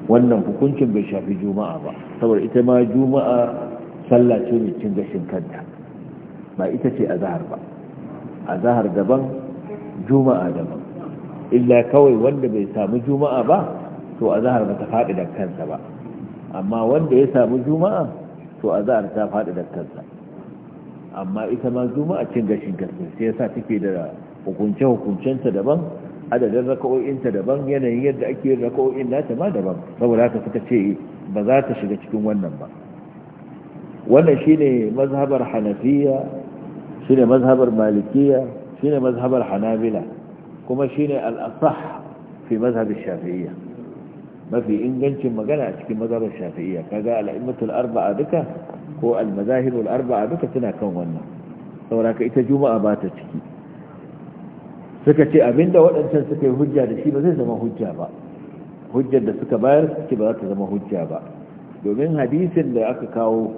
wannan hukuncin bai shafi juma'a ba saboda ita ma juma'a sallah ce mai cin gashin kanta ba ita ce azahar ba azahar daban juma'a daban illa kawai wanda bai samu juma'a ba to azahar ba ta faɗi da kansa ba amma wanda ya samu juma'a to azahar ta faɗi da kansa amma ita ma juma'a cin gashin kanta sai ya yasa take da hukunce-hukuncenta daban adadin raka'o'inta daban yanayin yadda ake yin raka'o'in nata ma daban saboda haka suka ce ba za ta shiga cikin wannan ba wannan shine mazhabar hanafiya shine mazhabar malikiya shine mazhabar hanabila kuma shine al-asah fi mazhabar shafi'iyya mafi ingancin magana a cikin mazhabar shafi'iyya kaga al-a'immatul arba'a duka ko al-mazahibul arba'a duka suna kan wannan saboda ita juma'a ba ta ciki suka ce abinda waɗancan suka yi hujja da shi ba zai zama hujja ba hujjar da suka bayar suke ba za ta zama hujja ba domin hadisin da aka kawo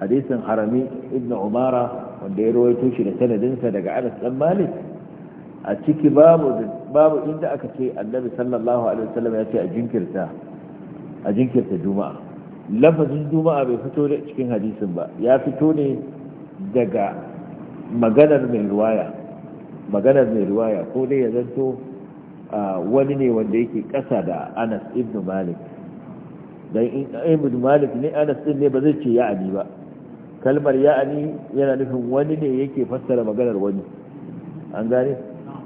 hadisin harami ibn umara wanda ya rawaito shi da sanadinsa daga anas dan malik a ciki babu babu inda aka ce annabi sallallahu alaihi wasallam ya ce a jinkirta a jinkirta juma'a lafazin juma'a bai fito da cikin hadisin ba ya fito ne daga maganar mai ruwaya maganar mai ruwaya ko dai ya zanto wani ne wanda yake ƙasa da anas ibn malik dan ibn malik ne anas din ne ba zai ce ya'ani ba kalmar ya'ani yana nufin wani ne yake fassara maganar wani an gane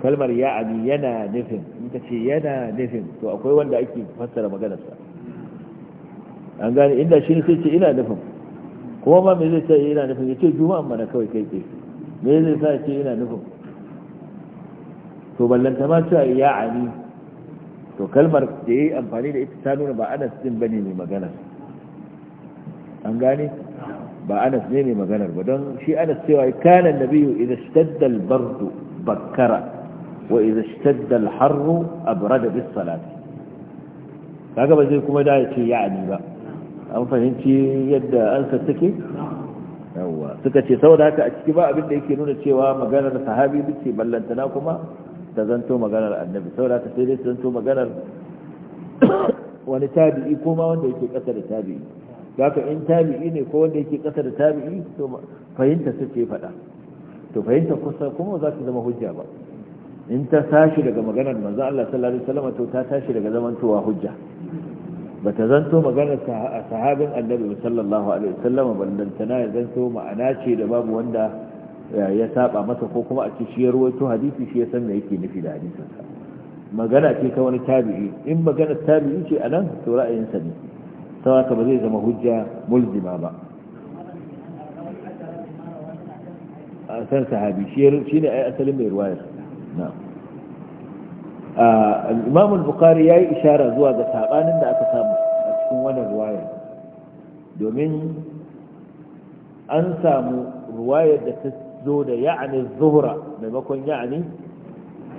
kalmar ya'ani yana nufin in ka ce yana nufin to akwai wanda ake fassara maganarsa an gane inda shi sai ce ina nufin kuma ma me zai ce ina nufin ya ce juma'an mana kawai kai ke me zai sa ce ina nufin to ballanta ma cewa ya ali to kalmar da ya yi amfani da ita ta nuna ba anas din bane mai maganar, an gane ba anas ne mai maganar ba don shi anas cewa kana biyu idan shtadda bardu bakkara wa idan shtadda a abrada da salati kaga ba zai kuma da ya ce ya ali ba an fahimci yadda ansa take yawa suka ce saboda haka a ciki ba abin da yake nuna cewa maganar sahabi bace ballantana kuma da zanto maganar annabi saboda ka sai dai su zanto maganar wani tabi'i ko ma wanda yake kasa da tabi'i haka in tabi'i ne ko wanda yake kasa da tabi'i to fahimta suke faɗa to fahimta kusa kuma za ta zama hujja ba in ta tashi daga maganar manzo Allah sallallahu alaihi wasallam to ta tashi daga zamantowa hujja ba ta zanto maganar sahabin annabi sallallahu alaihi wasallam ballantana ya zanto ma'ana ce da babu wanda ya saba masa ko kuma a ce shi ya ruwaito hadisi shi ya san me yake nufi da hadisin magana ce ta wani tabi'i in magana tabi'i ce anan to ra'ayinsa sa ne saboda ba zai zama hujja mulzima ba a san sahabi shi ne ai asalin mai ruwayar na'am bukari ya yi ishara zuwa ga sabanin da aka samu a cikin wannan ruwayar domin an samu ruwayar da ta zo da ya'ani zuhra maimakon ya'ani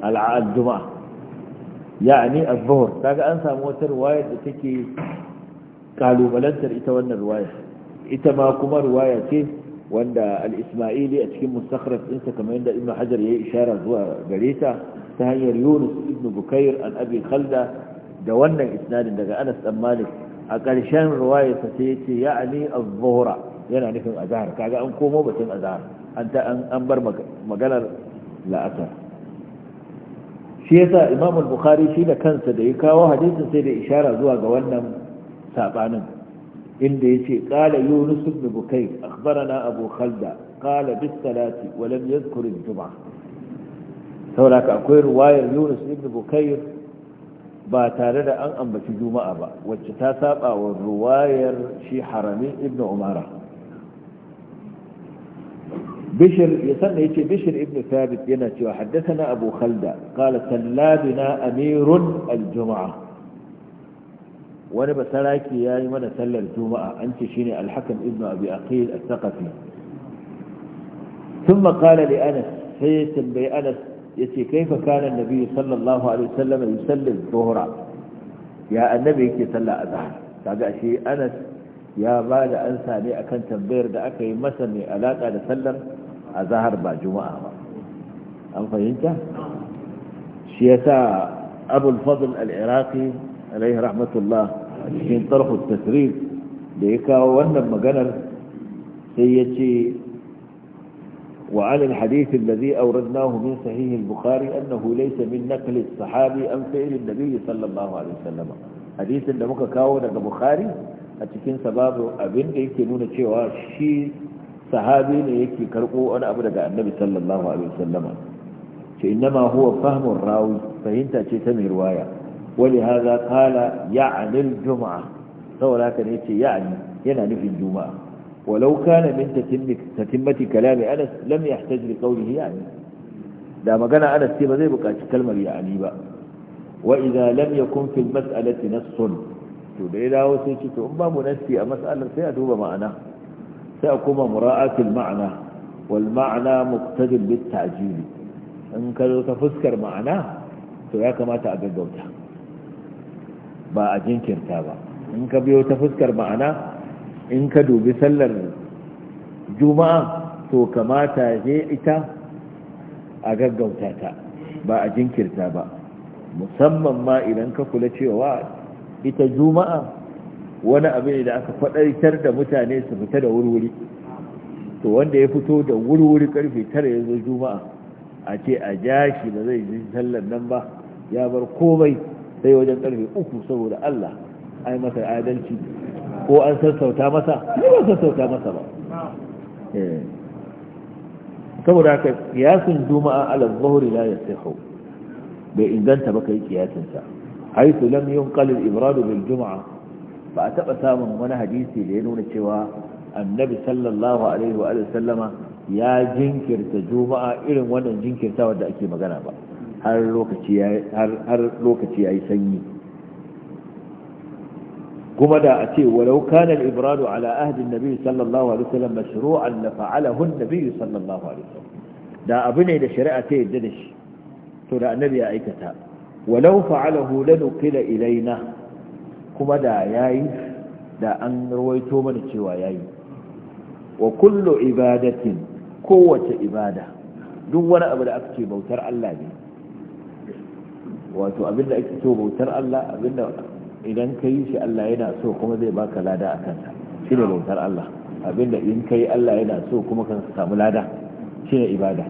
al'aduma ya'ani az-zuhr kaga an samu wata ruwaya da take kalubalantar ita wannan ruwaya ita ma kuma riwaya ce wanda al-isma'ili a cikin mustakhraj ɗinsa kamar yadda ibnu hajar yayi ishara zuwa gare ta ta hanyar yunus ibnu bukair an abi khalda da wannan isnadin daga anas dan malik a ƙarshen riwayarsa sai ce ya'ani az yana nufin azhar kaga an komo batun azhar an bar maganar la'asar shi yasa imam al-bukhari shi da kansa da ya kawo hadisin sai da ishara zuwa ga wannan sabanin inda yace qala yunus ibn bukayr akhbarana abu khalda qala bis salati wa lam yadhkur al-jum'ah saboda akwai ruwayar yunus ibn bukayr ba tare da an ambaci juma'a ba wacce ta saba wa ruwayar shi harami ibn umara bishir yace bishir ibn thabit yana cewa haddathana abu khalda qala salladuna amirun al-jum'a wani basaraki yayi mana sallar juma'a an ce shine al-hakim ibn abi aqil al-thaqafi ثم قال لأنس سيتم بأنس يتي كيف كان النبي صلى الله عليه وسلم يسلي الظهر يا النبي كي صلى أذهر كذا شيء أنس يا بعد tambayar da aka yi masa mai مسمي da sallar. a zahar ba juma'a ba an fahimta shi ya sa abul al-iraqi alaihi rahmatullah a cikin tarhut tasrir da ya kawo wannan maganar sai ya ce وعن الحديث الذي أوردناه من صحيح البخاري أنه ليس sahabi نقل الصحابي أم فعل النبي صلى الله عليه وسلم حديث da muka kawo daga Bukhari a cikin sababu abinda da yake nuna cewa shi sahabi ne yake karɓo wani abu daga annabi sallallahu alaihi wasallama ce innama huwa rawi fahimta ce ta mai ruwaya wani haza kala ya'anil juma'a saboda haka ne ce ya'ani yana nufin juma'a walau kana min tatimmati kalami anas lam yahtaj li qawlihi ya'ani da magana anas ce ba zai buƙaci kalmar ya'ani ba wa idza lam yakun fil mas'alati nassun to da ya dawo sai ce to in babu nassi a mas'alar sai a duba ma'ana sai a koma mura'atul ma'ana wal ma'ana muqtadin bit ta'jili in ka zo ta fuskar ma'ana to ya kamata a gaggauta ba a jinkirta ba in ka biyo ta fuskar ma'ana in ka dubi sallar juma'a to kamata je ita a gaggauta ta ba a jinkirta ba musamman ma idan ka kula cewa ita juma'a wani abu ne da aka faɗaitar da mutane su fita da wurwuri to wanda ya fito da wurwuri karfe tara ya zo juma'a a ce a ja shi ba zai ji sallar nan ba ya bar komai sai wajen karfe uku saboda Allah ai masa adalci ko an sassauta masa ne ba sassauta masa ba eh. saboda haka kiyasin juma'a ala zuhuri la yasihu bai inganta ba kai kiyasin sa haythu lam yunqal al ibrad bil juma'a ba a taɓa samun wani hadisi da ya nuna cewa annabi sallallahu alaihi wa sallama ya jinkirta juma'a irin wannan jinkirta wanda ake magana ba har lokaci ya yi sanyi kuma da a ce walau kanar ibradu ala ahdin nabi sallallahu alaihi wasallam mashru'an la fa'alahun nabi sallallahu alaihi wasallam da abu ne da shari'a ta yadda da shi to da annabi ya aikata walau fa'alahu lanuqila ilaina kuma da yayi da an rawaito mana cewa yayi wa kullu ibadatin kowace ibada duk wani abu da aka ce bautar Allah ne wato abinda ake so bautar Allah abinda idan ka yi shi Allah yana so kuma zai baka lada a kansa shi ne bautar Allah abinda in ka yi Allah yana so kuma kan samu lada shi ne ibada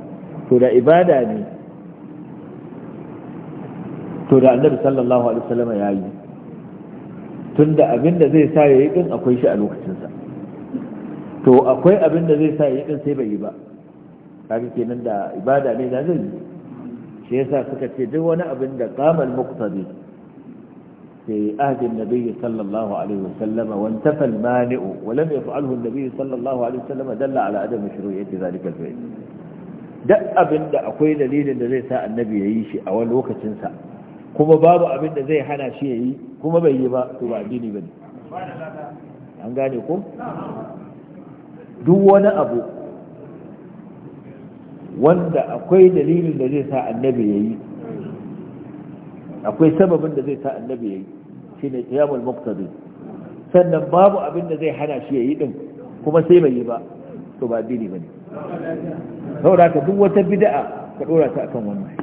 to da ibada ne to da annabi sallallahu alaihi wasallam ya yi tunda abin da zai sa ya yi din akwai shi a lokacinsa to akwai abin da zai sa ya yi din sai bai yi ba kaga kenan da ibada ne da zai shi yasa suka ce duk wani abin da qamal muqtadi في عهد النبي صلى الله عليه وسلم وانتفى المانع ولم يفعله النبي صلى الله عليه وسلم دل على عدم abin da akwai dalilin da zai sa annabi ساء النبي يعيش أول وقت ساء kuma babu abin da zai hana shi yi, kuma bai yi ba to ba addini bane an gane ko duk wani abu wanda akwai dalilin da zai sa annabi yayi akwai sababin da zai sa annabi yayi shine qiyamul muqtadi sannan babu abin da zai hana shi yayi din kuma sai bai yi ba to ba addini bane saboda ka duk wata bid'a ka dora ta akan wannan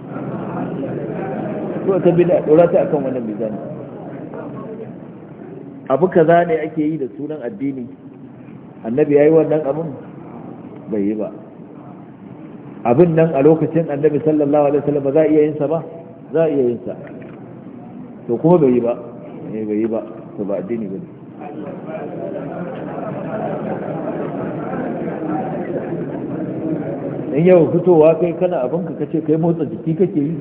ko ta bid'a ɗora ta akan wannan mizani abu kaza ne ake yi da sunan addini annabi yayi wannan abun bai yi ba abin nan a lokacin annabi sallallahu alaihi wasallam za iya yin sa ba za iya yin sa to kuma bai yi ba eh bai yi ba to ba addini bane in yau fitowa kai kana abinka kace kai motsa jiki kake yi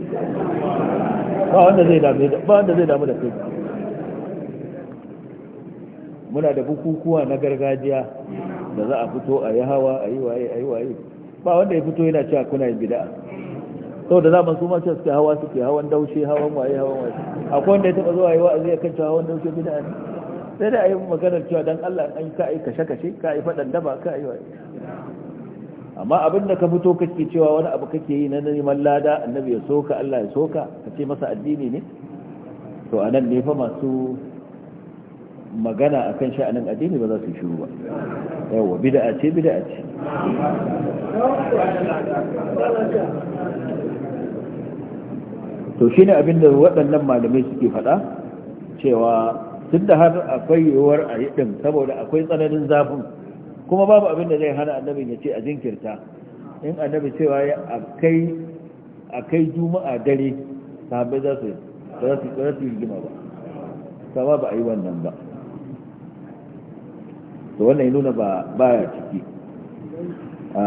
ba wanda zai dame da ba wanda zai damu da kai muna da bukukuwa na gargajiya da za a fito a yi hawa a yi waye a yi waye ba wanda ya fito yana cewa kuna yin bid'a sau da zaman su ce suke hawa suke hawan daushe hawan waye hawan waye akwai wanda ya taba zuwa yi wa'azi ya kanta hawan daushe bid'a ne sai da a yi maganar cewa don allah an ka yi kashe-kashe ka yi faɗan daba ka yi waye amma abin da ka fito kake cewa wani abu kake yi na neman lada annabi ya soka Allah ya soka ka ce masa addini ne to a nan ne fa masu magana akan sha'anin addini ba za su shiru ba yawa bida'a ce bida'a ce to shi ne abinda waɗannan malamai suke faɗa cewa tun da har akwai yiwuwar a yi ɗin saboda akwai tsananin zafin kuma babu abin da zai hana annabin ya ce a jinkirta in annabi cewa ya a kai juma'a dare sahabbai za su za su rigima ba sama ba a yi wannan ba to wannan yi nuna ba baya ciki a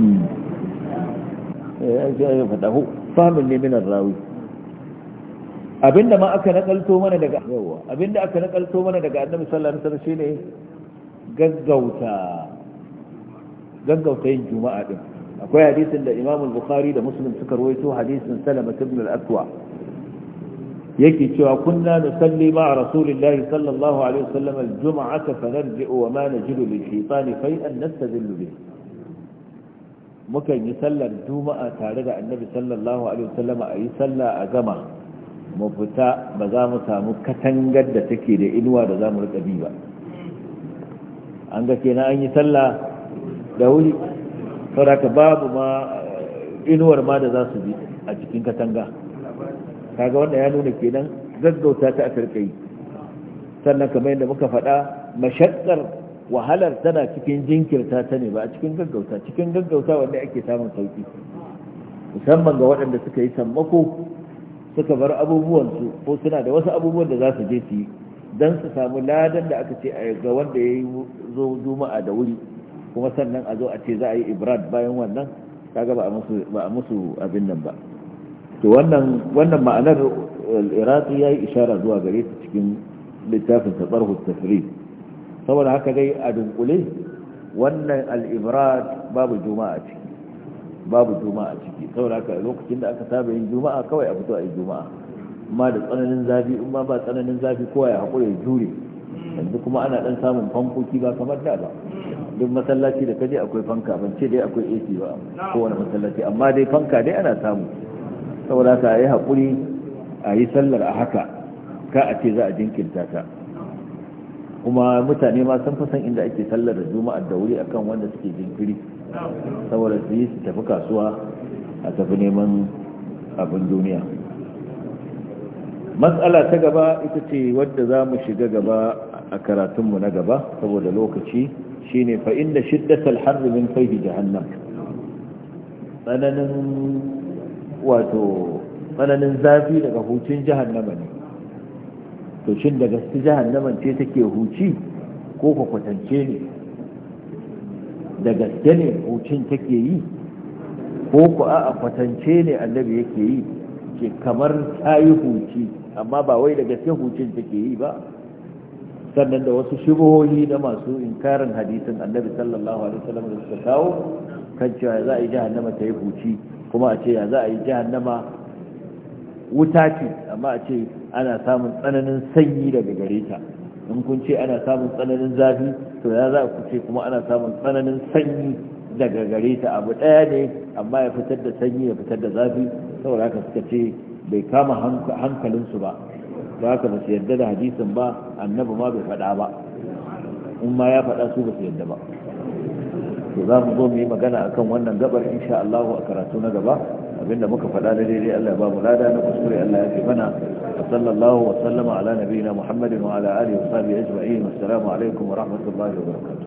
Mm. ya fata hu, famin ne rawi. abinda ma aka nakalto mana daga yawa abinda aka nakalto mana daga annabi sallallahu alaihi wasallam shine gaggauta gaggauta yin juma'a din akwai hadisin da Imam bukhari da Muslim suka rawaito hadisin Salama ibn al-Aqwa yake cewa kunna nusalli ma'a rasulillahi sallallahu alaihi wasallam al-jum'ata fanarji'u wa ma najidu lil-shaytani fay'an nastadillu bihi mukan yi sallar juma'a tare da annabi sallallahu alaihi wasallama a yi sallah a gama mu fita ba za mu samu katangar da take da inuwa da za mu rika bi ba an ga kenan an yi sallah da wuri saboda babu ma eh, inuwar ma da za su bi a cikin katanga kaga wanda ya nuna kenan gaggauta ta a rika sannan kamar yadda muka faɗa mashakkar wahalar tana cikin jinkirta ta ne ba a cikin gaggauta cikin gaggauta wanda ake samun sauki musamman ga waɗanda suka yi sammako suka bar abubuwansu ko suna da wasu abubuwan da za su je su yi don su samu ladan da aka ce ga wanda ya yi zo juma'a da wuri kuma sannan a zo a ce za a yi ibrad bayan wannan kaga ba a musu abin nan ba to wannan wannan ma'anar eh, iraqi ya yi ishara zuwa gare ta cikin littafin sabar hutafiri saboda haka dai a dunkule wannan al-ibrad babu juma'a ciki babu juma'a ciki saboda haka lokacin da aka saba yin juma'a kawai a fito a yi juma'a amma da tsananin zafi in ba tsananin zafi kowa ya haƙura ya jure yanzu kuma ana dan samun fankoki ba kamar da ba duk masallaci da kaje akwai fanka ban ce dai akwai AC ba kowane masallaci amma dai fanka dai ana samu saboda haka yi haƙuri a yi sallar a haka ka a ce za a jinkirta ta kuma mutane ma sun fasan inda ake sallar da juma'a da wuri akan wanda suke jinkiri saboda su yi su tafi kasuwa a tafi neman abin duniya matsala ta gaba ita ce wadda za mu shiga gaba a karatunmu na gaba saboda lokaci shine fa inda shiddatal harri min jahannam tsananin wato tsananin zafi daga hucin jahannama ne to shin da gaske jahannaman ce take huci ko kwakwatance ne da gaske ne hucin take yi ko ku a kwatance ne annabi yake yi ke kamar ta yi huci amma ba wai da gaske hucin take yi ba sannan da wasu shubuhohi na masu inkarin hadisin annabi sallallahu alaihi wasallam da suka kawo kan cewa za a yi jahannama ta yi huci kuma a ce ya za a yi jahannama wuta ce amma a ce ana samun tsananin sanyi daga gare ta in kun ce ana samun tsananin zafi to ya za ku ce kuma ana samun tsananin sanyi daga gare ta abu ɗaya ne amma ya fitar da sanyi ya fitar da zafi saboda haka suka ce bai kama hankalinsu ba ba haka ba su yarda da hadisin ba annabi ma bai faɗa ba in ma ya faɗa su ba su yarda ba to za mu zo mu yi magana akan wannan gabar insha Allah a karatu na gaba abinda muka faɗa na daidai Allah ya ba mu lada na kuskure Allah ya fi mana وصلى الله وسلم على نبينا محمد وعلى آله وصحبه أجمعين والسلام عليكم ورحمة الله وبركاته